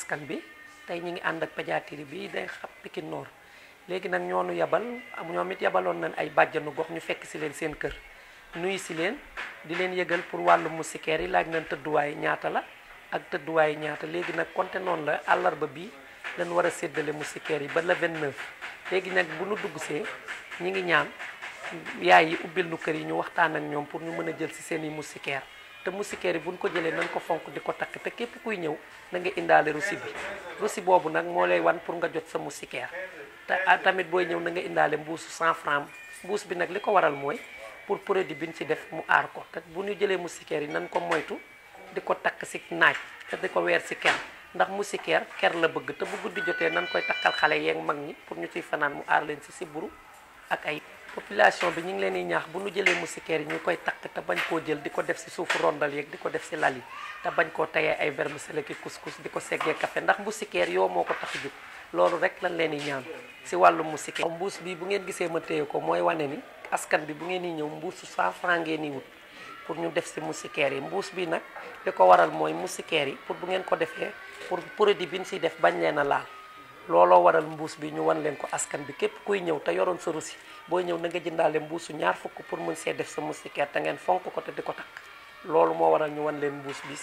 askan bi tey ñu ngi ànd ak pédiatrie bii day xam Pikine Nord léegi nag ñoonu yabal ñoom it yabaloon nañ ay bàjjanu gox ñu fekk si leen seen kër nuyu si leen di leen yëgal pour wàllu moustiquaire yi laaj nañ tëdduwaay ñaata la ak tëdduwaay ñaata léegi nag konte noonu la àllarba bi lañ war a séddale moustiquaire yi ba le 29 léegi nag bu nu dugg see ñi ngi ñaan yaay yi ubbil nu kër yi ñu waxtaan ak ñoom pour ñu mën a jël si seen i moustiquaire te moustiquaire yi buñ ko jëlee nañ ko fonk di ko takk te képp kuy ñëw nanga nga indaale reçu bi reçu boobu nag moo lay wan pour nga jot sa moustiquaire te ah, tamit booy ñëw na nga indaale mbuusu 100 francs mbuus bi nag li ko waral mooy pour produit bi ñu ci def mu aar ko te bu ñu jëlee moustiquaire yi nañ ko moytu di ko takk si naaj te di ko weer si ker ndax moustiquaire ker la bëgg te bu guddi jotee nañ koy takkal xale yeeg mag ñi pour ñu ciy fanaan mu aar leen si sibbiru ak ay population bi ñu ngi leen di ñaax bu ñu jëlee moustiquaire yi ñu koy takk te bañ koo jël di ko def si suufu rondal yeeg di ko def si lal yi te bañ koo tayee ay vermicelle ki couscous di ko seggee café ndax moustiquaire yoo moo ko tax jóg loolu rek lan leen di ñaan si wàllu moustiquaire mbuus bi bu ngeen gisee ma téye ko mooy wane ni askan bi bu ngeen di ñëw mbuusu 100 francs ngeen di wut pour ñu def si moustiquaire yi mbuus bii nag li ko waral mooy moustiquaire yi pour bu ngeen ko defee pour produit bi ñu si def bañ leen a laal looloo waral mbuus bi ñu wan leen ko askan bi képp kuy ñëw te yoroon sa rusi booy ñëw na nga jëndaale mbuusu ñaar fukk pour muñ see def sa moustiquaire te ngeen fonk ko te di ko takk loolu moo waral ñu wan leen mbuus bi